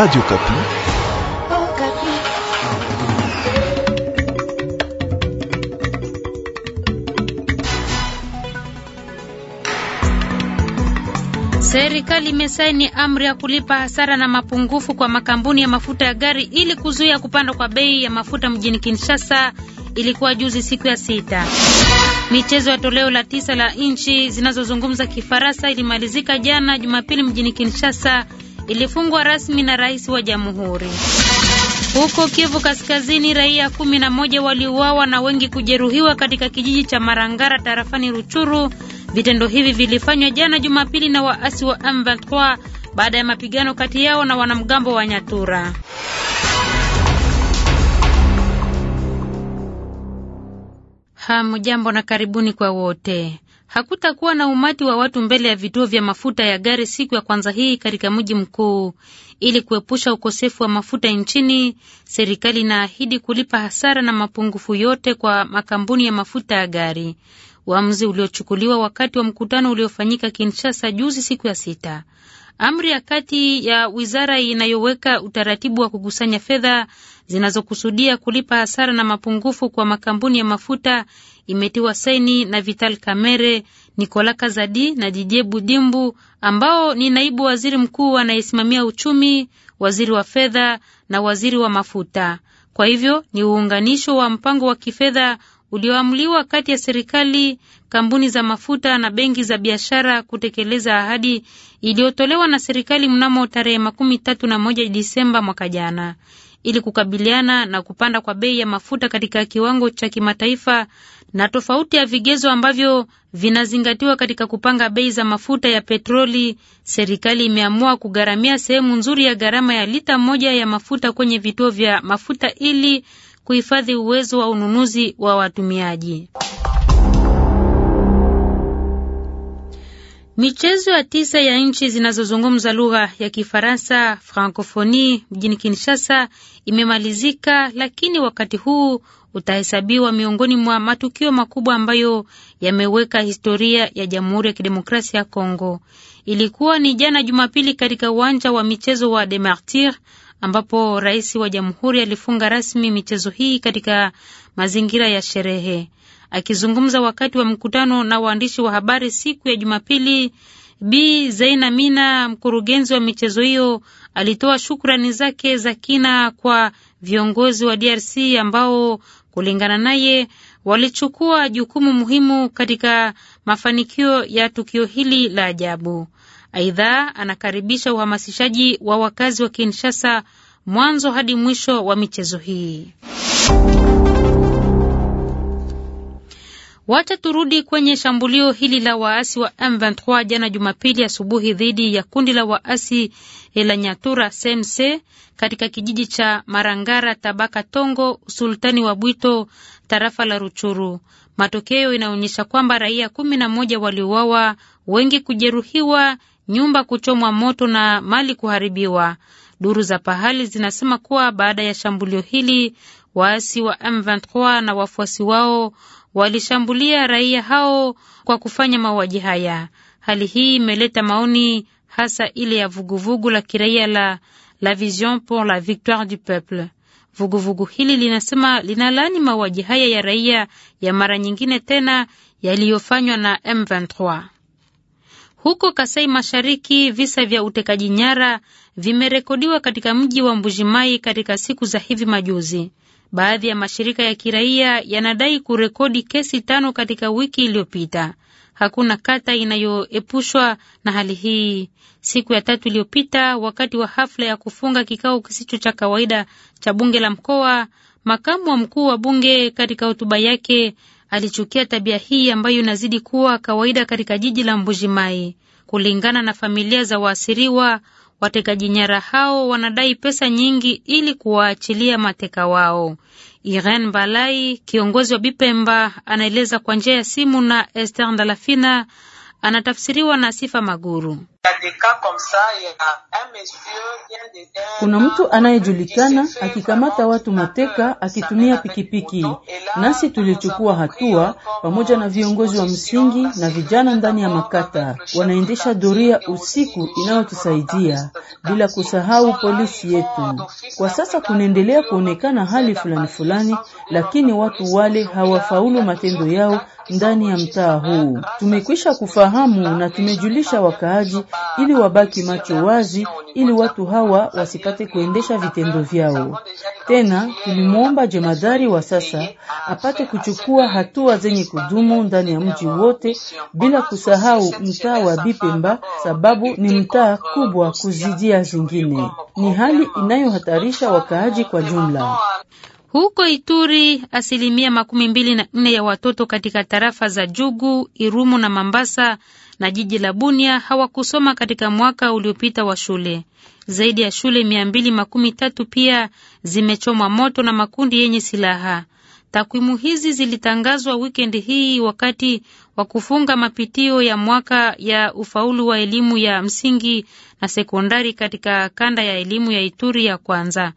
Radio Kapi. Serikali imesaini amri ya kulipa hasara na mapungufu kwa makampuni ya mafuta ya gari ili kuzuia kupanda kwa bei ya mafuta mjini Kinshasa. Ilikuwa juzi siku ya sita. Michezo ya toleo la tisa la nchi zinazozungumza Kifaransa ilimalizika jana Jumapili mjini Kinshasa ilifungwa rasmi na rais wa jamhuri. Huko Kivu Kaskazini, raia kumi na moja waliuawa na wengi kujeruhiwa katika kijiji cha Marangara tarafani Ruchuru. Vitendo hivi vilifanywa jana Jumapili na waasi wa M23 baada ya mapigano kati yao na wanamgambo wa Nyatura. Hamjambo na karibuni kwa wote. Hakutakuwa na umati wa watu mbele ya vituo vya mafuta ya gari siku ya kwanza hii katika mji mkuu. Ili kuepusha ukosefu wa mafuta nchini, serikali inaahidi kulipa hasara na mapungufu yote kwa makampuni ya mafuta ya gari, uamuzi uliochukuliwa wakati wa mkutano uliofanyika Kinshasa juzi siku ya sita. Amri ya kati ya wizara inayoweka utaratibu wa kukusanya fedha zinazokusudia kulipa hasara na mapungufu kwa makampuni ya mafuta imetiwa saini na Vital Kamere, Nikola Kazadi na Didie Budimbu ambao ni naibu waziri mkuu anayesimamia uchumi, waziri wa fedha na waziri wa mafuta. Kwa hivyo ni uunganisho wa mpango wa kifedha ulioamliwa kati ya serikali, kampuni za mafuta na benki za biashara kutekeleza ahadi iliyotolewa na serikali mnamo tarehe makumi tatu na moja Disemba mwaka jana ili kukabiliana na kupanda kwa bei ya mafuta katika kiwango cha kimataifa na tofauti ya vigezo ambavyo vinazingatiwa katika kupanga bei za mafuta ya petroli, serikali imeamua kugharamia sehemu nzuri ya gharama ya lita moja ya mafuta kwenye vituo vya mafuta ili kuhifadhi uwezo wa ununuzi wa watumiaji. Michezo ya tisa ya nchi zinazozungumza lugha ya Kifaransa Francofoni mjini Kinshasa imemalizika, lakini wakati huu utahesabiwa miongoni mwa matukio makubwa ambayo yameweka historia ya Jamhuri ya Kidemokrasia ya Kongo. Ilikuwa ni jana Jumapili katika uwanja wa michezo wa De Martir ambapo rais wa jamhuri alifunga rasmi michezo hii katika mazingira ya sherehe. Akizungumza wakati wa mkutano na waandishi wa habari siku ya Jumapili, b Zaina Mina, mkurugenzi wa michezo hiyo, alitoa shukrani zake za kina kwa viongozi wa DRC ambao kulingana naye walichukua jukumu muhimu katika mafanikio ya tukio hili la ajabu. Aidha, anakaribisha uhamasishaji wa wakazi wa Kinshasa mwanzo hadi mwisho wa michezo hii. Wacha turudi kwenye shambulio hili la waasi wa M23 jana Jumapili asubuhi dhidi ya kundi la waasi eh, la Nyatura CNC katika kijiji cha Marangara Tabaka Tongo Sultani wa Bwito tarafa la Ruchuru. Matokeo inaonyesha kwamba raia kumi na moja waliuawa, wengi kujeruhiwa, nyumba kuchomwa moto na mali kuharibiwa. Duru za pahali zinasema kuwa baada ya shambulio hili waasi wa M23 na wafuasi wao walishambulia raia hao kwa kufanya mauaji haya. Hali hii imeleta maoni hasa ile ya vuguvugu la kiraia la la Vision pour la Victoire du Peuple. Vuguvugu hili linasema linalaani mauaji haya ya raia ya mara nyingine tena yaliyofanywa na M23. Huko Kasai Mashariki, visa vya utekaji nyara vimerekodiwa katika mji wa Mbujimai katika siku za hivi majuzi. Baadhi ya mashirika ya kiraia yanadai kurekodi kesi tano katika wiki iliyopita. Hakuna kata inayoepushwa na hali hii. Siku ya tatu iliyopita, wakati wa hafla ya kufunga kikao kisicho cha kawaida cha bunge la mkoa, makamu wa mkuu wa bunge katika hotuba yake alichukia tabia hii ambayo inazidi kuwa kawaida katika jiji la Mbujimai. Kulingana na familia za waasiriwa, Watekaji nyara hao wanadai pesa nyingi ili kuwaachilia mateka wao. Irene Balai, kiongozi wa Bipemba, anaeleza kwa njia ya simu na Esther Ndalafina anatafsiriwa na Sifa Maguru. Kuna mtu anayejulikana akikamata watu mateka akitumia pikipiki. Nasi tulichukua hatua pamoja na viongozi wa msingi na vijana ndani ya makata, wanaendesha doria usiku inayotusaidia, bila kusahau polisi yetu. Kwa sasa kunaendelea kuonekana hali fulani fulani, lakini watu wale hawafaulu matendo yao ndani ya mtaa huu. Tumekwisha kufahamu na tumejulisha wakaaji ili wabaki macho wazi, ili watu hawa wasipate kuendesha vitendo vyao tena. Tulimwomba jemadari wa sasa apate kuchukua hatua zenye kudumu ndani ya mji wote, bila kusahau mtaa wa Bipemba, sababu ni mtaa kubwa kuzidia zingine. Ni hali inayohatarisha wakaaji kwa jumla. Huko Ituri, asilimia makumi mbili na nne ya watoto katika tarafa za Jugu, Irumu na Mambasa na jiji la Bunia hawakusoma katika mwaka uliopita wa shule. Zaidi ya shule mia mbili makumi tatu pia zimechomwa moto na makundi yenye silaha. Takwimu hizi zilitangazwa wikendi hii wakati wa kufunga mapitio ya mwaka ya ufaulu wa elimu ya msingi na sekondari katika kanda ya elimu ya Ituri ya kwanza.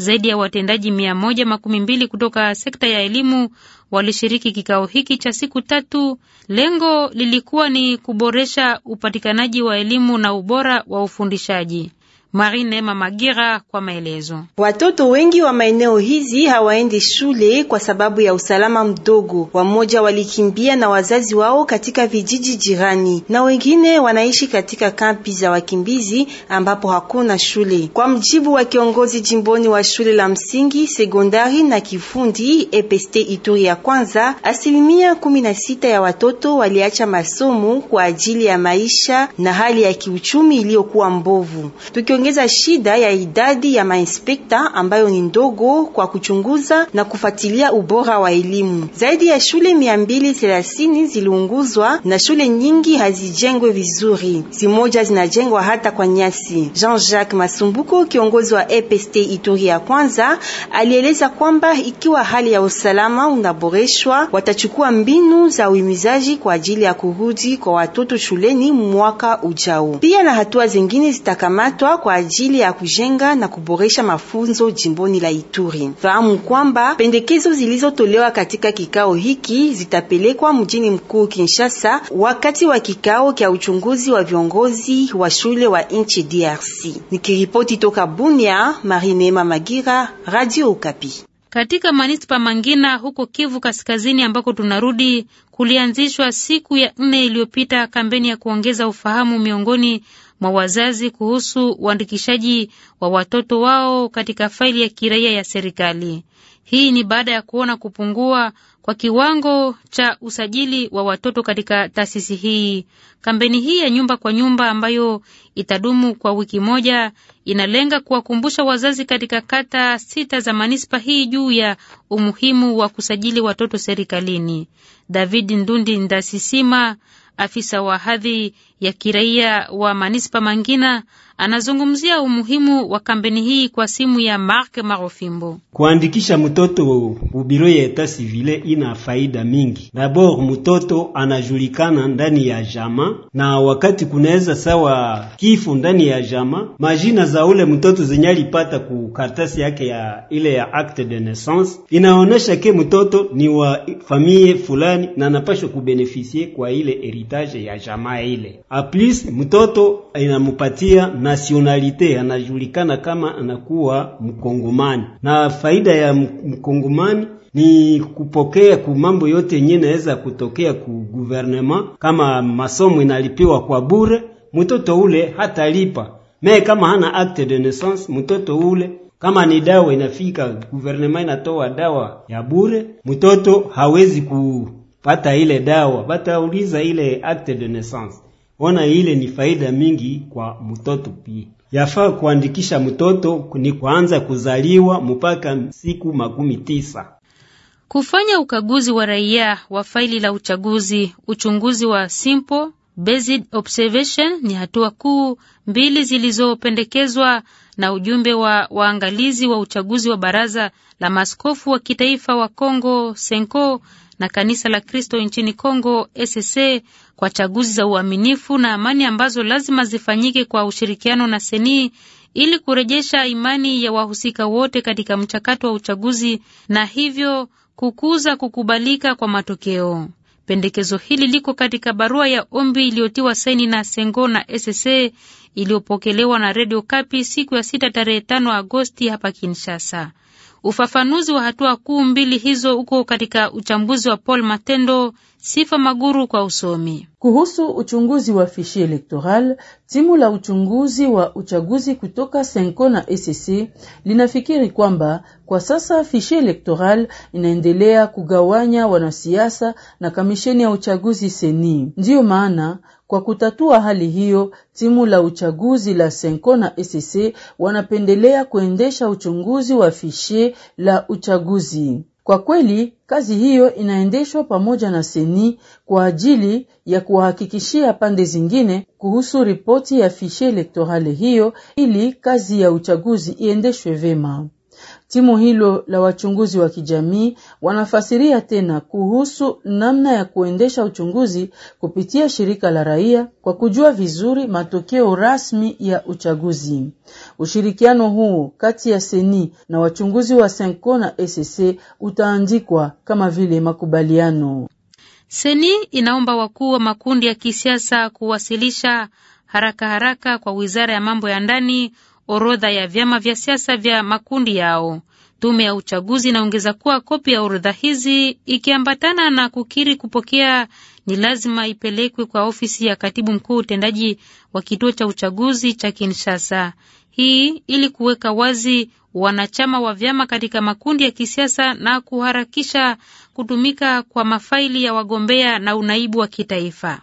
Zaidi ya watendaji mia moja makumi mbili kutoka sekta ya elimu walishiriki kikao hiki cha siku tatu. Lengo lilikuwa ni kuboresha upatikanaji wa elimu na ubora wa ufundishaji. Marie Neema Magira kwa maelezo. Watoto wengi wa maeneo hizi hawaendi shule kwa sababu ya usalama mdogo. Wamoja walikimbia na wazazi wao katika vijiji jirani, na wengine wanaishi katika kampi za wakimbizi ambapo hakuna shule. Kwa mjibu wa kiongozi jimboni wa shule la msingi, sekondari na kifundi EPST Ituri ya kwanza, asilimia kumi na sita ya watoto waliacha masomo kwa ajili ya maisha na hali ya kiuchumi iliyokuwa mbovu Tukio Aliongeza shida ya idadi ya mainspekta ambayo ni ndogo kwa kuchunguza na kufuatilia ubora wa elimu. Zaidi ya shule mia mbili thelathini ziliunguzwa na shule nyingi hazijengwe vizuri, zimoja zinajengwa hata kwa nyasi. Jean-Jacques Masumbuko, kiongozi wa EPST Ituri ya kwanza, alieleza kwamba ikiwa hali ya usalama unaboreshwa, watachukua mbinu za uhimizaji kwa ajili ya kurudi kwa watoto shuleni mwaka ujao. Pia na hatua zingine zitakamatwa kwa ajili ya kujenga na kuboresha mafunzo jimboni la Ituri. Fahamu kwamba pendekezo zilizotolewa katika kikao hiki zitapelekwa mjini mkuu Kinshasa wakati wa kikao kya uchunguzi wa viongozi wa shule wa nchi DRC. Nikiripoti toka Bunia, Marinema Magira, Radio Okapi. Katika manispa Mangina huko Kivu Kaskazini ambako tunarudi, kulianzishwa siku ya nne iliyopita kampeni ya kuongeza ufahamu miongoni mwa wazazi kuhusu uandikishaji wa watoto wao katika faili ya kiraia ya serikali. Hii ni baada ya kuona kupungua kwa kiwango cha usajili wa watoto katika taasisi hii. Kampeni hii ya nyumba kwa nyumba ambayo itadumu kwa wiki moja inalenga kuwakumbusha wazazi katika kata sita za manispa hii juu ya umuhimu wa kusajili watoto serikalini. David Ndundi Ndasisima afisa wa hadhi ya kiraia wa manispa Mangina anazungumzia umuhimu wa kampeni hii kwa simu ya Mark Marofimbo. Kuandikisha mtoto ubiro ya eta sivile ina faida mingi. Dabord, mtoto anajulikana ndani ya jama, na wakati kunaweza sawa kifo ndani ya jama, majina za ule mtoto zenye alipata ku kartasi yake ya ile ya acte de naissance inaonesha ke mtoto ni wa famiye fulani na anapashwa kubenefisie kwa ile heri heritage ya jamaa ile. Aplis mtoto inamupatia nationalite, anajulikana kama anakuwa Mkongomani, na faida ya Mkongomani ni kupokea ku mambo yote yenye naweza kutokea ku gouvernement. Kama masomo inalipiwa kwa bure, mtoto ule hatalipa me. Kama hana acte de naissance, mtoto ule kama ni dawa inafika, gouvernement inatoa dawa ya bure, mtoto hawezi ku pata ile dawa, batauliza ile acte de naissance. Ona ile ni faida mingi kwa mtoto pia. Yafaa kuandikisha mtoto ni kuanza kuzaliwa mpaka siku makumi tisa. Kufanya ukaguzi wa raia wa faili la uchaguzi, uchunguzi wa simple based observation ni hatua kuu mbili zilizopendekezwa na ujumbe wa waangalizi wa uchaguzi wa Baraza la maskofu wa Kitaifa wa Kongo Senko na Kanisa la Kristo nchini congo SC kwa chaguzi za uaminifu na amani ambazo lazima zifanyike kwa ushirikiano na seni ili kurejesha imani ya wahusika wote katika mchakato wa uchaguzi na hivyo kukuza kukubalika kwa matokeo. Pendekezo hili liko katika barua ya ombi iliyotiwa saini na Sengo na SSA iliyopokelewa na Radio Kapi siku ya sita tarehe 5 Agosti hapa Kinshasa. Ufafanuzi wa hatua kuu mbili hizo uko katika uchambuzi wa Paul Matendo Sifa Maguru kwa usomi. Kuhusu uchunguzi wa fishi elektoral, timu la uchunguzi wa uchaguzi kutoka Senko na ECC linafikiri kwamba kwa sasa fishi elektoral inaendelea kugawanya wanasiasa na kamisheni ya uchaguzi seni. Ndiyo maana kwa kutatua hali hiyo, timu la uchaguzi la Senko na ECC wanapendelea kuendesha uchunguzi wa fishi la uchaguzi. Kwa kweli kazi hiyo inaendeshwa pamoja na seni kwa ajili ya kuwahakikishia pande zingine kuhusu ripoti ya fishe elektorale hiyo ili kazi ya uchaguzi iendeshwe vema. Timu hilo la wachunguzi wa kijamii wanafasiria tena kuhusu namna ya kuendesha uchunguzi kupitia shirika la raia kwa kujua vizuri matokeo rasmi ya uchaguzi. Ushirikiano huo kati ya Seni na wachunguzi wa Senko na SC utaandikwa kama vile makubaliano. Seni inaomba wakuu wa makundi ya kisiasa kuwasilisha haraka haraka kwa Wizara ya Mambo ya Ndani orodha ya vyama vya siasa vya makundi yao. Tume ya uchaguzi inaongeza kuwa kopi ya orodha hizi ikiambatana na kukiri kupokea ni lazima ipelekwe kwa ofisi ya katibu mkuu utendaji wa kituo cha uchaguzi cha Kinshasa. Hii ili kuweka wazi wanachama wa vyama katika makundi ya kisiasa na kuharakisha kutumika kwa mafaili ya wagombea na unaibu wa kitaifa.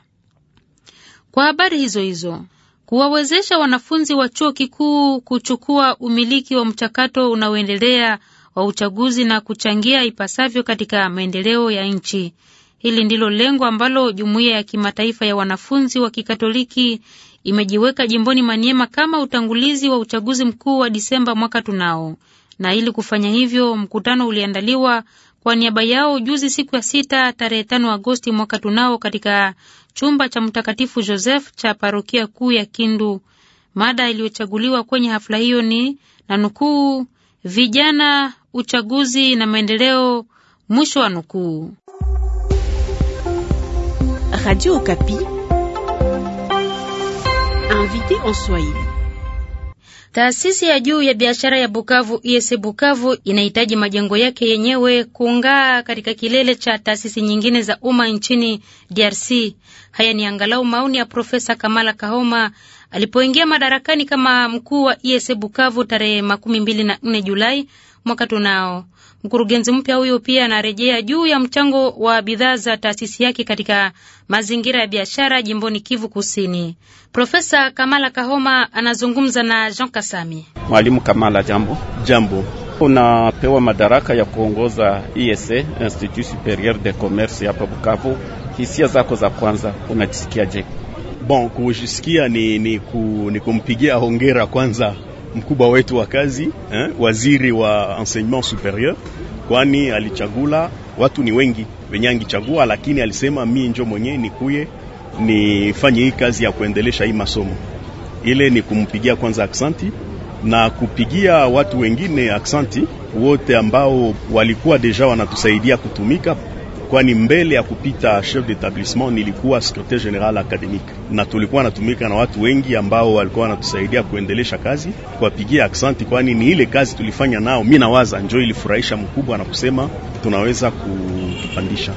Kwa habari hizo hizo, kuwawezesha wanafunzi wa chuo kikuu kuchukua umiliki wa mchakato unaoendelea wa uchaguzi na kuchangia ipasavyo katika maendeleo ya nchi. Hili ndilo lengo ambalo jumuiya ya kimataifa ya wanafunzi wa Kikatoliki imejiweka jimboni Maniema kama utangulizi wa uchaguzi mkuu wa Disemba mwaka tunao. Na ili kufanya hivyo, mkutano uliandaliwa kwa niaba yao juzi siku ya sita tarehe tano Agosti mwaka tunao katika chumba cha Mtakatifu Joseph cha parokia kuu ya Kindu. Mada iliyochaguliwa kwenye hafla hiyo ni na nukuu, vijana, uchaguzi na maendeleo, mwisho wa nukuu. Radio Okapi invité en Swahili Taasisi ya juu ya biashara ya Bukavu ISE Bukavu inahitaji majengo yake yenyewe kungaa katika kilele cha taasisi nyingine za umma nchini DRC. Haya ni angalau maoni ya Profesa Kamala Kahoma alipoingia madarakani kama mkuu wa ISE Bukavu tarehe makumi mbili na nne Julai mwaka tunao. Mkurugenzi mpya huyo pia anarejea juu ya mchango wa bidhaa za taasisi yake katika mazingira ya biashara jimboni Kivu Kusini. Profesa Kamala Kahoma anazungumza na Jean Kasami. Mwalimu Kamala, jambo. Jambo. Unapewa madaraka ya kuongoza ISA, e Institut Superieur de Commerce hapa Bukavu. Hisia zako za kwanza unajisikiaje? Bon, kujisikia ni, ni, ku, ni kumpigia hongera kwanza mkubwa wetu wa kazi eh, waziri wa enseignement supérieur, kwani alichagula watu ni wengi wenye angichagua, lakini alisema mi njo mwenyewe nikuye nifanye hii kazi ya kuendelesha hii masomo. Ile ni kumpigia kwanza aksanti na kupigia watu wengine aksanti wote ambao walikuwa deja wanatusaidia kutumika kwani mbele ya kupita chef d'établissement nilikuwa secrétaire général académique, na tulikuwa natumika na watu wengi ambao walikuwa wanatusaidia kuendelesha kazi, kuwapigia aksanti, kwani ni ile kazi tulifanya nao. Mimi nawaza njoo ilifurahisha mkubwa na kusema tunaweza kupandisha.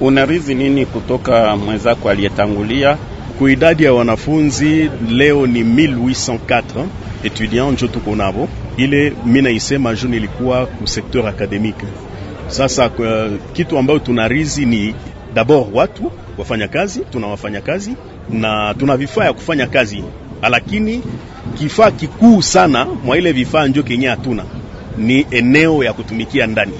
Unarizi nini kutoka mwenzako aliyetangulia? Kwa idadi ya wanafunzi leo ni 1804 etudiant njo tuko navo. Ile mimi naisema juu nilikuwa ku secteur académique sasa kwa kitu ambayo tunarizi ni dabord watu wafanya kazi, tuna wafanya kazi na tuna vifaa ya kufanya kazi, lakini kifaa kikuu sana mwa ile vifaa njo kenye hatuna ni eneo ya kutumikia ndani.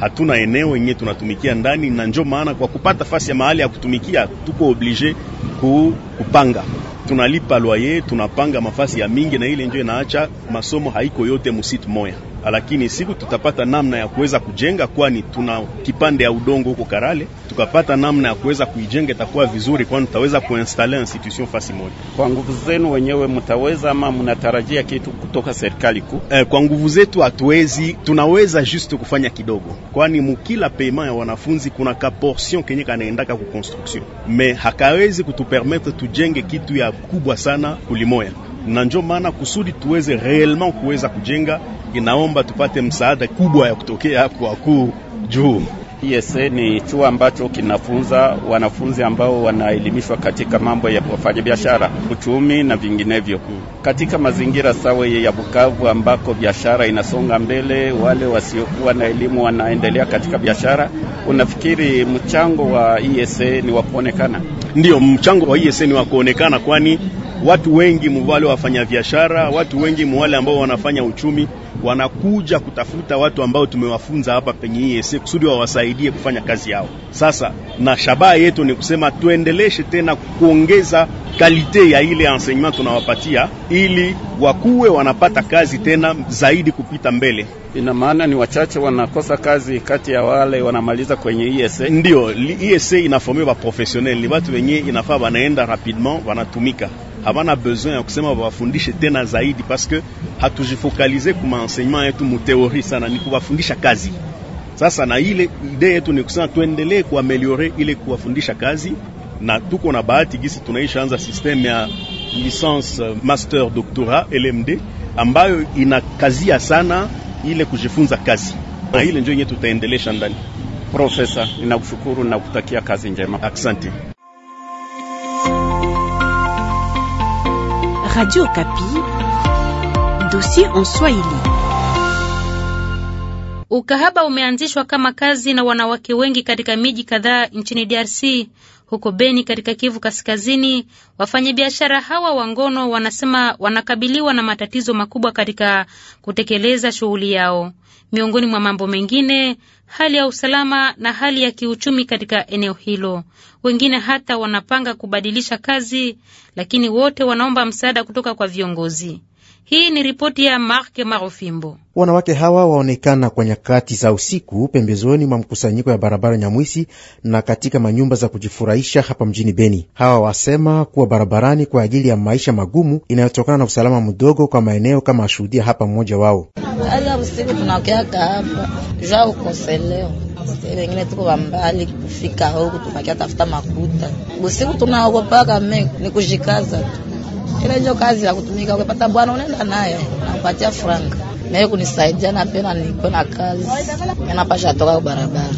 Hatuna eneo yenye tunatumikia ndani, na njo maana kwa kupata fasi ya mahali ya kutumikia tuko oblige ku, kupanga tunalipa loyer, tunapanga mafasi ya mingi, na ile njo inaacha masomo haiko yote musitu moya lakini siku tutapata namna ya kuweza kujenga, kwani tuna kipande ya udongo huko Karale. Tukapata namna ya kuweza kuijenga, itakuwa vizuri, kwani tutaweza kuinstale institution fasi moja. Kwa nguvu zenu wenyewe mtaweza ama mnatarajia kitu kutoka serikali kuu? Eh, kwa nguvu zetu hatuwezi, tunaweza juste kufanya kidogo, kwani mukila payment ya wanafunzi kuna ka portion kenye kanaendaka ku construction, me hakawezi kutupermettre tujenge kitu ya kubwa sana kulimoya, na njo maana kusudi tuweze reellement kuweza kujenga inaomba tupate msaada kubwa ya kutokea hapo wakuu juu. ESA ni chuo ambacho kinafunza wanafunzi ambao wanaelimishwa katika mambo ya wafanyabiashara, uchumi na vinginevyo, katika mazingira sawa ya Bukavu ambako biashara inasonga mbele. Wale wasiokuwa na elimu wanaendelea katika biashara. Unafikiri mchango wa ESA ni wa kuonekana? Ndiyo, mchango wa ESA ni wa kuonekana, kwani watu wengi muwale wafanya biashara, watu wengi muwale ambao wanafanya uchumi wanakuja kutafuta watu ambao tumewafunza hapa penye EAC kusudi wawasaidie kufanya kazi yao. Sasa na shabaha yetu ni kusema tuendeleshe tena kuongeza kalite ya ile enseignement tunawapatia, ili wakuwe wanapata kazi tena zaidi kupita mbele. Ina maana ni wachache wanakosa kazi kati ya wale wanamaliza kwenye EAC. Ndio EAC inafomewa professionnel, ni watu wenye inafaa wanaenda rapidement wanatumika Havana besoin ya kusema wawafundishe tena zaidi, parce paske hatujifokalize kuma enseignement yetu muteori sana, ni kuwafundisha kazi sasa. Na ile idee yetu ni kusema tuendelee kuameliore ile kuwafundisha kazi, na tuko na bahati gisi tunaishaanza system ya licence euh, master doctorat LMD ambayo inakazia sana ile kujifunza kazi, na ile ndio yenye tutaendelesha ndani. Profesa, ninakushukuru na kutakia kazi njema. Asante. Radio Kapi. Dossier en Swahili. Ukahaba umeanzishwa kama kazi na wanawake wengi katika miji kadhaa nchini DRC. Huko Beni katika Kivu Kaskazini, wafanyabiashara hawa wa ngono wanasema wanakabiliwa na matatizo makubwa katika kutekeleza shughuli yao miongoni mwa mambo mengine, hali ya usalama na hali ya kiuchumi katika eneo hilo. Wengine hata wanapanga kubadilisha kazi, lakini wote wanaomba msaada kutoka kwa viongozi. Hii ni ripoti ya Mark Marofimbo. Wanawake hawa waonekana kwa nyakati za usiku pembezoni mwa mkusanyiko ya barabara Nyamwisi na katika manyumba za kujifurahisha hapa mjini Beni. Hawa wasema kuwa barabarani kwa ajili ya maisha magumu inayotokana na usalama mdogo kwa maeneo kama ashuhudia hapa mmoja wao. Haya, usiku tunakeaka hapa jua ukoseleo wengine tuko mbali kufika huku, tunakia tafuta makuta busiku, tunaogopa me ni kushikaza tu. Ile ndio kazi ya kutumika, ukipata bwana unaenda naye nampatia franka naye kunisaidia na pena niko na kazi, napasha toka barabara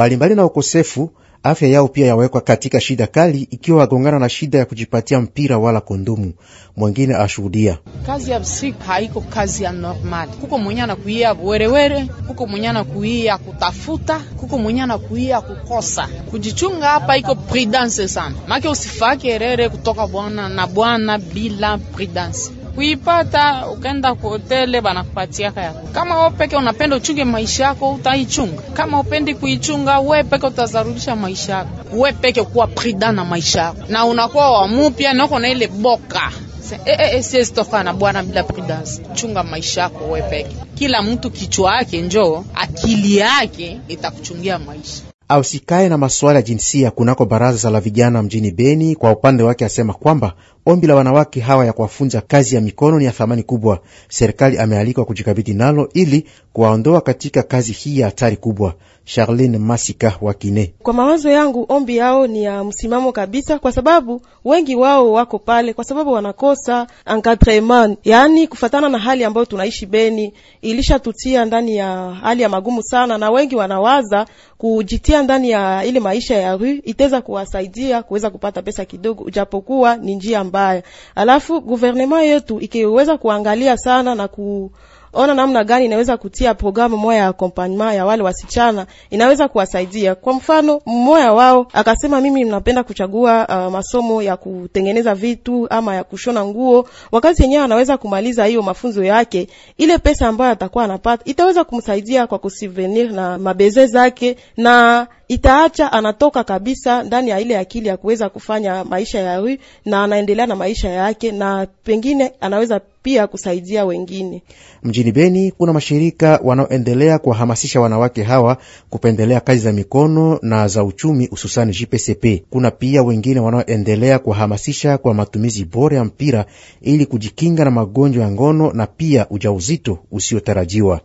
mbalimbali na ukosefu, afya yao pia yawekwa katika shida kali, ikiwa wagongana na shida ya kujipatia mpira wala kondomu. Mwengine ashuhudia kazi ya psika haiko kazi ya normali. Kuko mwenye anakuia werewere, kuko mwenye anakuia kutafuta, kuko mwenye anakuia kukosa kujichunga. Hapa iko prudence sana, make usifake erere kutoka bwana na bwana bila prudence kuipata ukaenda kuhotele banakupatiaka yako. Kama wewe peke unapenda uchunge maisha yako, utaichunga. Kama upendi kuichunga, wewe peke utazarudisha maisha yako. Wewe peke kuwa prida na maisha yako, na unakuwa wa mupya na uko na ile boka Eh, eh, e, siwezi toka na bwana bila prudence. Chunga maisha yako wewe peke. Kila mtu kichwa yake njoo, akili yake itakuchungia maisha ausikaye na masuala ya jinsia kunako baraza la vijana mjini Beni kwa upande wake asema kwamba ombi la wanawake hawa ya kuwafunza kazi ya mikono ni ya thamani kubwa. Serikali amealikwa kujikabidhi nalo ili kuwaondoa katika kazi hii ya hatari kubwa. Charlene Masika wa Kine. Kwa mawazo yangu, ombi yao ni ya msimamo kabisa, kwa sababu wengi wao wako pale kwa sababu wanakosa encadrement, yaani kufatana na hali ambayo tunaishi. Beni ilishatutia ndani ya hali ya magumu sana, na wengi wanawaza kujitia ndani ya ile maisha ya rue itaweza kuwasaidia kuweza kupata pesa kidogo, japokuwa ni njia mbaya. Alafu gouvernement yetu ikiweza kuangalia sana na ku ona namna gani inaweza kutia programu moya ya accompagnement ya wale wasichana inaweza kuwasaidia. Kwa mfano, mmoja wao akasema, mimi mnapenda kuchagua uh, masomo ya kutengeneza vitu ama ya kushona nguo. Wakati yenyewe anaweza kumaliza hiyo mafunzo yake, ile pesa ambayo atakuwa anapata itaweza kumsaidia kwa kusivenir na mabeze zake na itaacha anatoka kabisa ndani ya ile akili ya kuweza kufanya maisha ya huyu, na anaendelea na maisha yake, na pengine anaweza pia kusaidia wengine. Mjini Beni kuna mashirika wanaoendelea kuwahamasisha wanawake hawa kupendelea kazi za mikono na za uchumi, hususani JPCP. Kuna pia wengine wanaoendelea kuwahamasisha kwa matumizi bora ya mpira ili kujikinga na magonjwa ya ngono na pia ujauzito usiotarajiwa.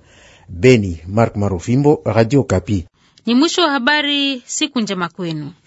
Beni, Mark Marufimbo, Radio Kapi. Ni mwisho wa habari. Siku njema kwenu.